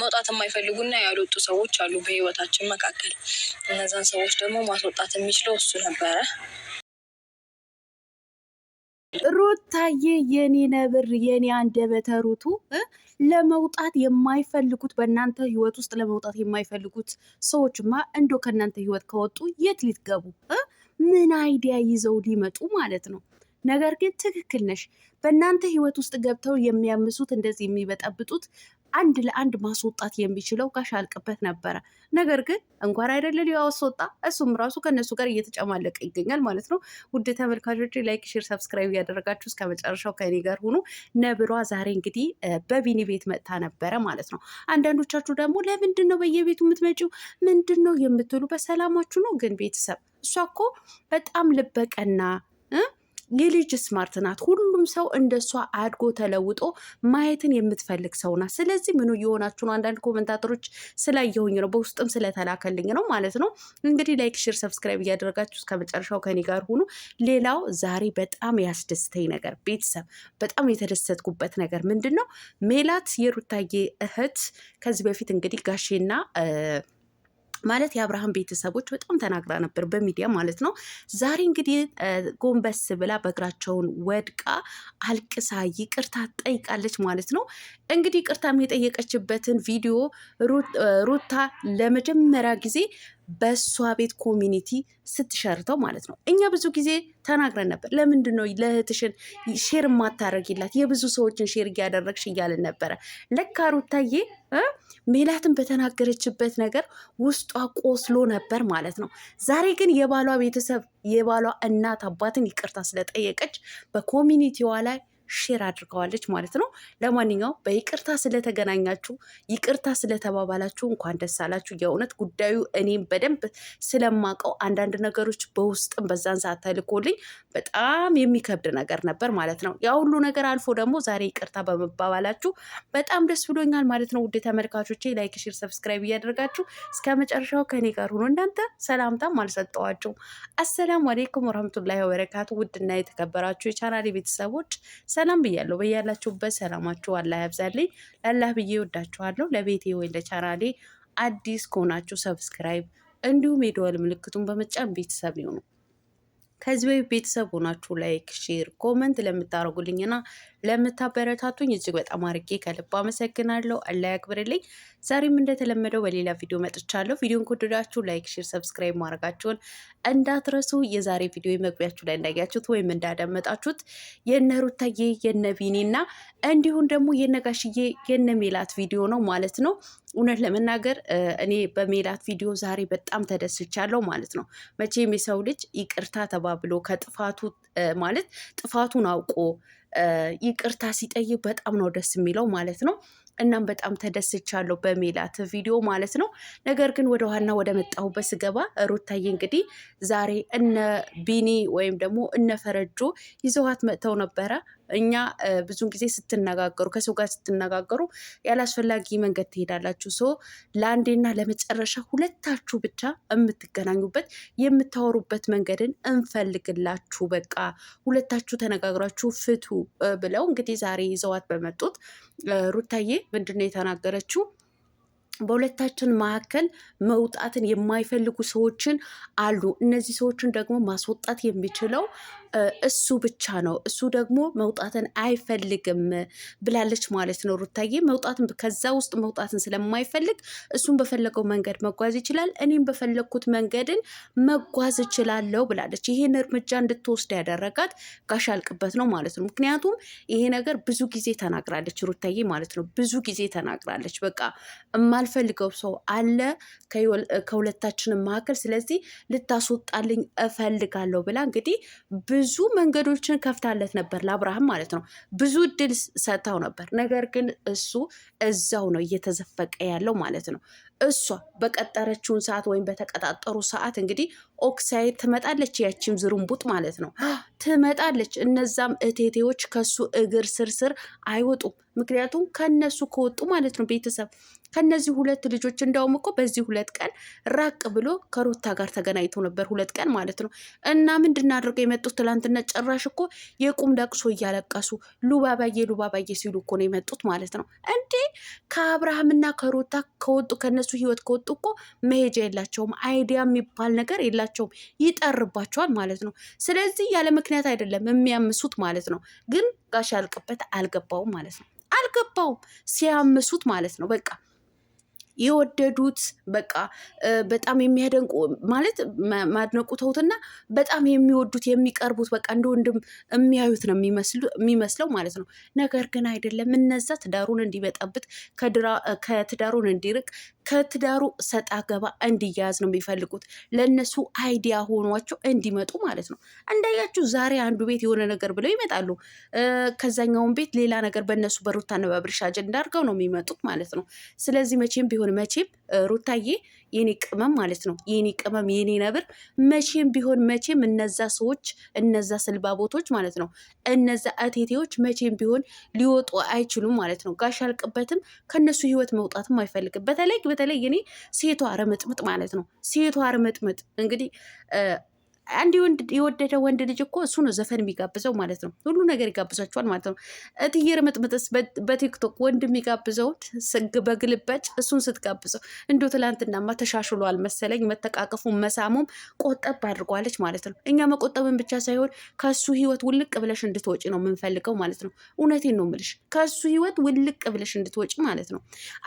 መውጣት የማይፈልጉና ያልወጡ ሰዎች አሉ በህይወታችን መካከል። እነዛን ሰዎች ደግሞ ማስወጣት የሚችለው እሱ ነበረ። ሩታዬ የኔ ነብር የኔ አንደበተ ሩቱ ለመውጣት የማይፈልጉት በእናንተ ህይወት ውስጥ ለመውጣት የማይፈልጉት ሰዎችማ እንዶ ከእናንተ ህይወት ከወጡ የት ሊትገቡ ምን አይዲያ ይዘው ሊመጡ ማለት ነው? ነገር ግን ትክክል ነሽ። በእናንተ ህይወት ውስጥ ገብተው የሚያምሱት እንደዚህ የሚበጠብጡት አንድ ለአንድ ማስወጣት የሚችለው ጋሽ አልቅበት ነበረ። ነገር ግን እንኳን አይደለ ሊዋ አስወጣ፣ እሱም ራሱ ከእነሱ ጋር እየተጨማለቀ ይገኛል ማለት ነው። ውድ ተመልካቾች ላይክ፣ ሼር፣ ሰብስክራይብ እያደረጋችሁ እስከ መጨረሻው ከኔ ጋር ሁኑ። ነብሯ ዛሬ እንግዲህ በቢኒ ቤት መጥታ ነበረ ማለት ነው። አንዳንዶቻችሁ ደግሞ ለምንድን ነው በየቤቱ የምትመጪው ምንድን ነው የምትሉ በሰላማችሁ ነው። ግን ቤተሰብ እሷ እኮ በጣም ልበቀና የልጅ ስማርት ናት። ሁሉም ሰው እንደሷ አድጎ ተለውጦ ማየትን የምትፈልግ ሰው ናት። ስለዚህ ምኑ የሆናችሁ ነው? አንዳንድ ኮመንታተሮች ስላየሁኝ ነው፣ በውስጥም ስለተላከልኝ ነው ማለት ነው። እንግዲህ ላይክ፣ ሼር፣ ሰብስክራይብ እያደረጋችሁ እስከ መጨረሻው ከኔ ጋር ሁኑ። ሌላው ዛሬ በጣም ያስደስተኝ ነገር ቤተሰብ፣ በጣም የተደሰትኩበት ነገር ምንድን ነው? ሜላት የሩታዬ እህት ከዚህ በፊት እንግዲህ ጋሼና ማለት የአብርሃም ቤተሰቦች በጣም ተናግራ ነበር በሚዲያ ማለት ነው። ዛሬ እንግዲህ ጎንበስ ብላ በእግራቸውን ወድቃ አልቅሳ ይቅርታ ጠይቃለች ማለት ነው። እንግዲህ ቅርታም የጠየቀችበትን ቪዲዮ ሩታ ለመጀመሪያ ጊዜ በእሷ ቤት ኮሚኒቲ ስትሸርተው ማለት ነው። እኛ ብዙ ጊዜ ተናግረን ነበር። ለምንድን ነው ለእህትሽን ሼር የማታደርጊላት የብዙ ሰዎችን ሼር እያደረግሽ እያልን ነበረ። ለካ ሩታዬ ሜላትን በተናገረችበት ነገር ውስጧ ቆስሎ ነበር ማለት ነው። ዛሬ ግን የባሏ ቤተሰብ የባሏ እናት አባትን ይቅርታ ስለጠየቀች በኮሚኒቲዋ ላይ ሼር አድርገዋለች ማለት ነው። ለማንኛውም በይቅርታ ስለተገናኛችሁ ይቅርታ ስለተባባላችሁ እንኳን ደስ አላችሁ። የእውነት ጉዳዩ እኔም በደንብ ስለማውቀው አንዳንድ ነገሮች በውስጥም በዛን ሰዓት ተልኮልኝ በጣም የሚከብድ ነገር ነበር ማለት ነው። ያ ሁሉ ነገር አልፎ ደግሞ ዛሬ ይቅርታ በመባባላችሁ በጣም ደስ ብሎኛል ማለት ነው። ውድ ተመልካቾቼ ላይክ፣ ሼር፣ ሰብስክራይብ እያደረጋችሁ እስከ መጨረሻው ከኔ ጋር ሆኖ እናንተ ሰላምታም አልሰጠዋችሁም። አሰላሙ አሌይኩም ወረህመቱላሂ ወበረካቱ። ውድና የተከበራችሁ የቻናሌ ቤተሰቦች ሰላም ብያለሁ። በያላችሁበት ሰላማችሁ አላህ ያብዛልኝ። ለአላህ ብዬ ወዳችኋለሁ። ለቤቴ ወይ ለቻናሌ አዲስ ከሆናችሁ ሰብስክራይብ እንዲሁም የደወል ምልክቱን በመጫን ቤተሰብ ይሁኑ። ከዚህ ቤተሰብ ሆናችሁ ላይክ፣ ሼር፣ ኮመንት ለምታደርጉልኝና ለምታበረታቱኝ እጅግ በጣም አርጌ ከልብ አመሰግናለሁ። አላህ ያክብርልኝ። ዛሬም እንደተለመደው በሌላ ቪዲዮ መጥቻለሁ። ቪዲዮን ከወደዳችሁ ላይክ፣ ሼር፣ ሰብስክራይብ ማድረጋችሁን እንዳትረሱ። የዛሬ ቪዲዮ መግቢያችሁ ላይ እንዳያችሁት ወይም እንዳዳመጣችሁት የነ ሩታዬ የነ ቢኒና እንዲሁም ደግሞ የነ ጋሽዬ የነ ሜላት ቪዲዮ ነው ማለት ነው። እውነት ለመናገር እኔ በሜላት ቪዲዮ ዛሬ በጣም ተደስቻለሁ ማለት ነው። መቼም የሰው ልጅ ይቅርታ ተባብሎ ከጥፋቱ ማለት ጥፋቱን አውቆ ይቅርታ ሲጠይቅ በጣም ነው ደስ የሚለው ማለት ነው። እናም በጣም ተደስቻለሁ በሜላት ቪዲዮ ማለት ነው። ነገር ግን ወደ ዋና ወደ መጣሁበት ስገባ ሩታዬ እንግዲህ ዛሬ እነ ቢኒ ወይም ደግሞ እነ ፈረጆ ይዘዋት መጥተው ነበረ። እኛ ብዙን ጊዜ ስትነጋገሩ ከሰው ጋር ስትነጋገሩ ያላስፈላጊ መንገድ ትሄዳላችሁ። ሰው ለአንዴና ለመጨረሻ ሁለታችሁ ብቻ የምትገናኙበት የምታወሩበት መንገድን እንፈልግላችሁ። በቃ ሁለታችሁ ተነጋግራችሁ ፍቱ ብለው እንግዲህ ዛሬ ይዘዋት በመጡት ሩታዬ ነው የተናገረችው? በሁለታችን መካከል መውጣትን የማይፈልጉ ሰዎችን አሉ። እነዚህ ሰዎችን ደግሞ ማስወጣት የሚችለው እሱ ብቻ ነው። እሱ ደግሞ መውጣትን አይፈልግም ብላለች ማለት ነው ሩታዬ። መውጣትን ከዛ ውስጥ መውጣትን ስለማይፈልግ እሱን በፈለገው መንገድ መጓዝ ይችላል፣ እኔም በፈለግኩት መንገድን መጓዝ እችላለሁ ብላለች። ይሄን እርምጃ እንድትወስድ ያደረጋት ጋሽ አልቅበት ነው ማለት ነው። ምክንያቱም ይሄ ነገር ብዙ ጊዜ ተናግራለች ሩታዬ ማለት ነው። ብዙ ጊዜ ተናግራለች። በቃ የማልፈልገው ሰው አለ ከሁለታችንም መካከል፣ ስለዚህ ልታስወጣልኝ እፈልጋለሁ ብላ እንግዲህ ብዙ መንገዶችን ከፍታለት ነበር ለአብርሃም ማለት ነው። ብዙ እድል ሰጥታው ነበር። ነገር ግን እሱ እዛው ነው እየተዘፈቀ ያለው ማለት ነው። እሷ በቀጠረችውን ሰዓት ወይም በተቀጣጠሩ ሰዓት እንግዲህ ኦክሳይድ ትመጣለች። ያቺም ዝርንቡጥ ማለት ነው ትመጣለች። እነዛም እቴቴዎች ከሱ እግር ስር ስር አይወጡም። ምክንያቱም ከነሱ ከወጡ ማለት ነው ቤተሰብ ከነዚህ ሁለት ልጆች እንዳውም እኮ በዚህ ሁለት ቀን ራቅ ብሎ ከሩታ ጋር ተገናኝቶ ነበር። ሁለት ቀን ማለት ነው። እና ምንድን አድርገው የመጡት ትላንትና ጭራሽ እኮ የቁም ለቅሶ እያለቀሱ ሉባባዬ ሉባባዬ ሲሉ እኮ ነው የመጡት ማለት ነው። እንዴ ከአብርሃምና ከሩታ ከወጡ ከነሱ ከራሳችሁ ህይወት ከወጡ እኮ መሄጃ የላቸውም። አይዲያ የሚባል ነገር የላቸውም። ይጠርባቸዋል ማለት ነው። ስለዚህ ያለ ምክንያት አይደለም የሚያምሱት ማለት ነው። ግን ጋሽ ያልቅበት አልገባውም ማለት ነው። አልገባውም ሲያምሱት ማለት ነው በቃ የወደዱት በቃ በጣም የሚያደንቁ ማለት ማድነቁ ተውትና በጣም የሚወዱት የሚቀርቡት በቃ እንደ ወንድም የሚያዩት ነው የሚመስለው ማለት ነው። ነገር ግን አይደለም። እነዛ ትዳሩን እንዲበጠብጥ ከትዳሩን እንዲርቅ ከትዳሩ ሰጣ ገባ እንዲያያዝ ነው የሚፈልጉት። ለእነሱ አይዲያ ሆኗቸው እንዲመጡ ማለት ነው። እንዳያችሁ ዛሬ አንዱ ቤት የሆነ ነገር ብለው ይመጣሉ። ከዛኛውን ቤት ሌላ ነገር በእነሱ በሩታና አነባብርሻ አጀንዳ አድርገው ነው የሚመጡት ማለት ነው። ስለዚህ መቼም ቢሆን ቢሆን መቼም ሩታዬ የኔ ቅመም ማለት ነው የኔ ቅመም የኔ ነብር መቼም ቢሆን መቼም እነዛ ሰዎች እነዛ ስልባቦቶች ማለት ነው እነዛ አቴቴዎች መቼም ቢሆን ሊወጡ አይችሉም ማለት ነው። ጋሽ አልቅበትም ከነሱ ህይወት መውጣትም አይፈልግም። በተለይ በተለይ እኔ ሴቷ ርምጥምጥ ማለት ነው ሴቷ ርምጥምጥ እንግዲህ አንድ የወደደ ወንድ ልጅ እኮ እሱ ነው ዘፈን የሚጋብዘው ማለት ነው። ሁሉ ነገር ይጋብዛቸዋል ማለት ነው። እትዬ ርምጥምጥስ በቲክቶክ ወንድ የሚጋብዘውን ስግ በግልበጭ እሱን ስትጋብዘው እንዶ ትላንትናማ ተሻሽሏል መሰለኝ። መተቃቀፉ መሳሙም ቆጠብ አድርጓለች ማለት ነው። እኛ መቆጠብን ብቻ ሳይሆን ከሱ ህይወት ውልቅ ብለሽ እንድትወጪ ነው የምንፈልገው ማለት ነው። እውነቴን ነው የምልሽ ከሱ ህይወት ውልቅ ብለሽ እንድትወጪ ማለት ነው።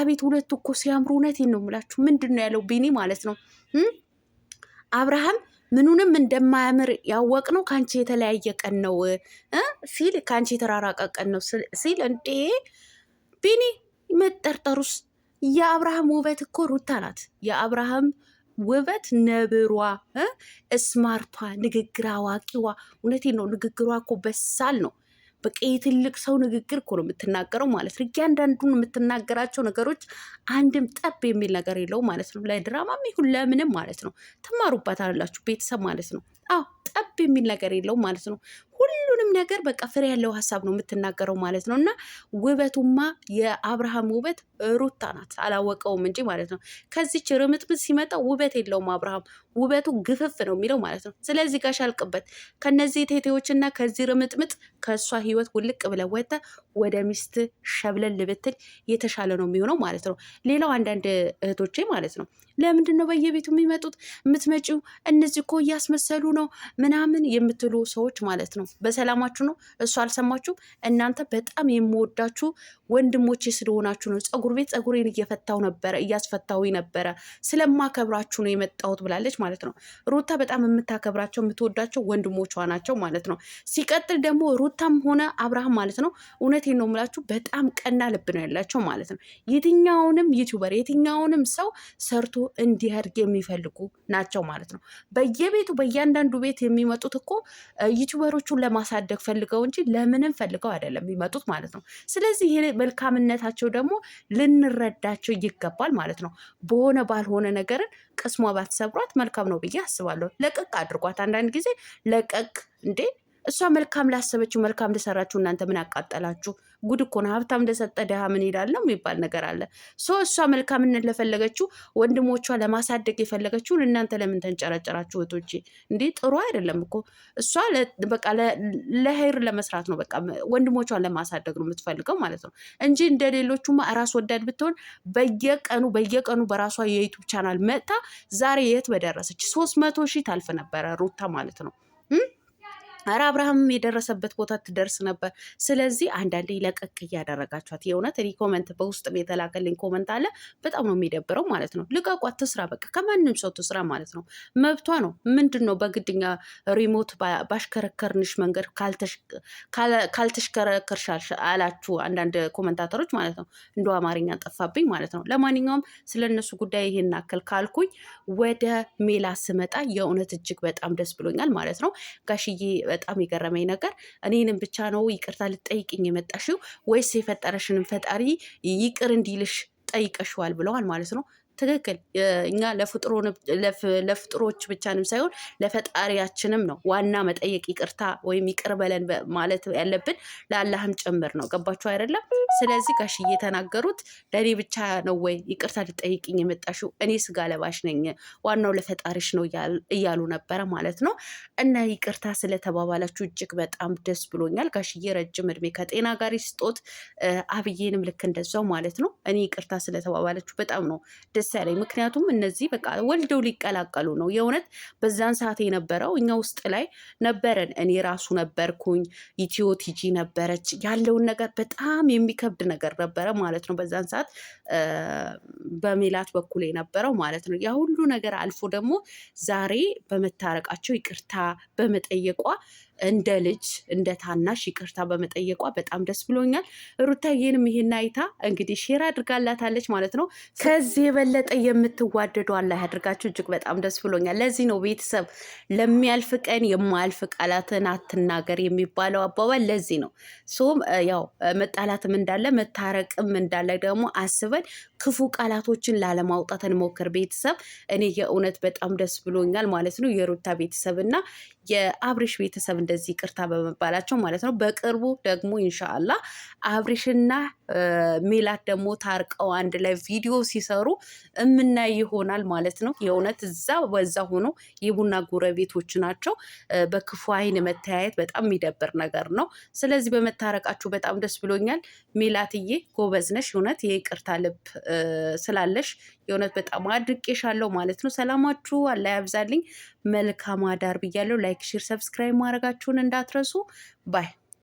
አቤት ሁለቱ እኮ ሲያምሩ እውነቴን ነው የምላችሁ። ምንድን ነው ያለው ቢኒ ማለት ነው አብርሃም ምኑንም እንደማያምር ያወቅ ነው ከአንቺ የተለያየ ቀን ነው ሲል ከአንቺ የተራራቀ ቀን ነው ሲል፣ እንዴ ቢኒ መጠርጠሩስ? የአብርሃም ውበት እኮ ሩታ ናት። የአብርሃም ውበት ነብሯ፣ ስማርቷ፣ ንግግር አዋቂዋ። እውነቴ ነው። ንግግሯ እኮ በሳል ነው። በቃ የትልቅ ሰው ንግግር እኮ ነው የምትናገረው ማለት ነው። እያንዳንዱን የምትናገራቸው ነገሮች አንድም ጠብ የሚል ነገር የለው ማለት ነው። ለድራማም ይሁን ለምንም ማለት ነው ትማሩባት አላችሁ ቤተሰብ ማለት ነው። አዎ ጠብ የሚል ነገር የለው ማለት ነው። ሁሉንም ነገር በቃ ፍሬ ያለው ሀሳብ ነው የምትናገረው ማለት ነው። እና ውበቱማ የአብርሃም ውበት ሩታ ናት፣ አላወቀውም እንጂ ማለት ነው። ከዚች ርምጥምጥ ሲመጣ ውበት የለውም አብርሃም፣ ውበቱ ግፍፍ ነው የሚለው ማለት ነው። ስለዚህ ጋሽ አልቅበት ከነዚህ ቴቴዎችና ከዚህ ርምጥምጥ ከእሷ ህይወት ውልቅ ብለ ወጥተ ወደ ሚስት ሸብለን ልብትል የተሻለ ነው የሚሆነው ማለት ነው። ሌላው አንዳንድ እህቶቼ ማለት ነው ለምንድን ነው በየቤቱ የሚመጡት የምትመጪው? እነዚህ እኮ እያስመሰሉ ነው ምናምን የምትሉ ሰዎች ማለት ነው። በሰላማችሁ ነው እሱ አልሰማችሁም። እናንተ በጣም የምወዳችሁ ወንድሞቼ ስለሆናችሁ ነው። ጸጉር ቤት ጸጉሬን እየፈታው ነበረ እያስፈታው ነበረ ስለማከብራችሁ ነው የመጣሁት ብላለች ማለት ነው። ሩታ በጣም የምታከብራቸው የምትወዳቸው ወንድሞቿ ናቸው ማለት ነው። ሲቀጥል ደግሞ ሩታም ሆነ አብርሃም ማለት ነው እውነቴን ነው የምላችሁ በጣም ቀና ልብ ነው ያላቸው ማለት ነው። የትኛውንም ዩቲዩበር የትኛውንም ሰው ሰርቶ እንዲያድግ የሚፈልጉ ናቸው ማለት ነው። በየቤቱ በእያንዳንዱ ቤት የሚመጡት እኮ ዩቲዩበሮቹን ለማሳደግ ፈልገው እንጂ ለምንም ፈልገው አይደለም የሚመጡት ማለት ነው። ስለዚህ መልካምነታቸው ደግሞ ልንረዳቸው ይገባል ማለት ነው። በሆነ ባልሆነ ነገርን ቅስሟ ባትሰብሯት መልካም ነው ብዬ አስባለሁ። ለቀቅ አድርጓት። አንዳንድ ጊዜ ለቀቅ እንዴ እሷ መልካም ላሰበችው መልካም እንደሰራችሁ እናንተ ምን አቃጠላችሁ? ጉድ እኮ ነው። ሀብታም እንደሰጠ ድሃ ምን ይላል ነው የሚባል ነገር አለ። ሶ እሷ መልካምነት ለፈለገችው ወንድሞቿ ለማሳደግ የፈለገችውን እናንተ ለምን ተንጨረጨራችሁ? እህቶቼ እንዲህ ጥሩ አይደለም እኮ እሷ በቃ ለሄር ለመስራት ነው፣ በቃ ወንድሞቿን ለማሳደግ ነው የምትፈልገው ማለት ነው እንጂ እንደ ሌሎቹማ ራስ ወዳድ ብትሆን በየቀኑ በየቀኑ በራሷ የዩቱብ ቻናል መጥታ ዛሬ የት በደረሰች ሶስት መቶ ሺህ ታልፍ ነበረ ሩታ ማለት ነው። አረ አብርሃም የደረሰበት ቦታ ትደርስ ነበር። ስለዚህ አንዳንዴ ለቀቅ እያደረጋችኋት የእውነት እኔ ኮመንት በውስጥ የተላከልኝ ኮመንት አለ በጣም ነው የሚደብረው ማለት ነው። ልቀቋት ትስራ፣ በቃ ከማንም ሰው ትስራ ማለት ነው። መብቷ ነው። ምንድን ነው በግድኛ ሪሞት ባሽከረከርንሽ መንገድ ካልተሽከረከርሽ አላችሁ አንዳንድ ኮመንታተሮች ማለት ነው። እንደ አማርኛ ጠፋብኝ ማለት ነው። ለማንኛውም ስለነሱ ጉዳይ ይህን አክል ካልኩኝ ወደ ሜላ ስመጣ የእውነት እጅግ በጣም ደስ ብሎኛል ማለት ነው ጋሽዬ በጣም የገረመኝ ነገር እኔንም ብቻ ነው ይቅርታ ልጠይቅኝ የመጣሽው ወይስ የፈጠረሽንም ፈጣሪ ይቅር እንዲልሽ ጠይቀሽዋል ብለዋል ማለት ነው። ትክክል። እኛ ለፍጥሮች ብቻንም ሳይሆን ለፈጣሪያችንም ነው ዋና መጠየቅ፣ ይቅርታ ወይም ይቅር በለን ማለት ያለብን ለአላህም ጭምር ነው። ገባችሁ አይደለም? ስለዚህ ጋሽዬ የተናገሩት ለእኔ ብቻ ነው ወይ ይቅርታ ልጠይቅኝ የመጣሽው? እኔ ስጋ ለባሽ ነኝ፣ ዋናው ለፈጣሪሽ ነው እያሉ ነበረ ማለት ነው። እና ይቅርታ ስለተባባላችሁ እጅግ በጣም ደስ ብሎኛል። ጋሽዬ ረጅም እድሜ ከጤና ጋር ይስጦት፣ አብዬንም ልክ እንደዛው ማለት ነው። እኔ ይቅርታ ስለተባባላችሁ በጣም ነው ደስ መሰለኝ። ምክንያቱም እነዚህ በቃ ወልደው ሊቀላቀሉ ነው። የእውነት በዛን ሰዓት የነበረው እኛ ውስጥ ላይ ነበረን። እኔ ራሱ ነበርኩኝ። ኢትዮ ቲጂ ነበረች። ያለውን ነገር በጣም የሚከብድ ነገር ነበረ ማለት ነው። በዛን ሰዓት በሜላት በኩል የነበረው ማለት ነው። ያ ሁሉ ነገር አልፎ ደግሞ ዛሬ በመታረቃቸው ይቅርታ በመጠየቋ እንደ ልጅ እንደ ታናሽ ይቅርታ በመጠየቋ በጣም ደስ ብሎኛል። ሩታዬንም ይሄን አይታ እንግዲህ ሼር አድርጋላታለች ማለት ነው። ከዚህ የበለጠ የምትዋደዱ አላህ ያድርጋችሁ። እጅግ በጣም ደስ ብሎኛል። ለዚህ ነው ቤተሰብ ለሚያልፍ ቀን የማያልፍ ቃላትን አትናገር የሚባለው አባባል ለዚህ ነው። ሶም ያው መጣላትም እንዳለ መታረቅም እንዳለ ደግሞ አስበን ክፉ ቃላቶችን ላለማውጣት እንሞክር። ቤተሰብ እኔ የእውነት በጣም ደስ ብሎኛል ማለት ነው የሩታ ቤተሰብ እና የአብሪሽ ቤተሰብ እንደዚህ ይቅርታ በመባላቸው ማለት ነው። በቅርቡ ደግሞ ኢንሻአላ አብሪሽና ሜላት ደግሞ ታርቀው አንድ ላይ ቪዲዮ ሲሰሩ እምናይ ይሆናል ማለት ነው። የእውነት እዛ በዛ ሆኖ የቡና ጎረቤቶች ናቸው። በክፉ አይን መተያየት በጣም የሚደብር ነገር ነው። ስለዚህ በመታረቃችሁ በጣም ደስ ብሎኛል። ሜላትዬ ጎበዝነሽ እውነት የይቅርታ ልብ ስላለሽ የእውነት በጣም አድርቄሻለሁ ማለት ነው። ሰላማችሁ አላ ያብዛልኝ። መልካም አዳር ብያለሁ። ላይክ፣ ሼር፣ ሰብስክራይብ ማድረጋችሁን እንዳትረሱ ባይ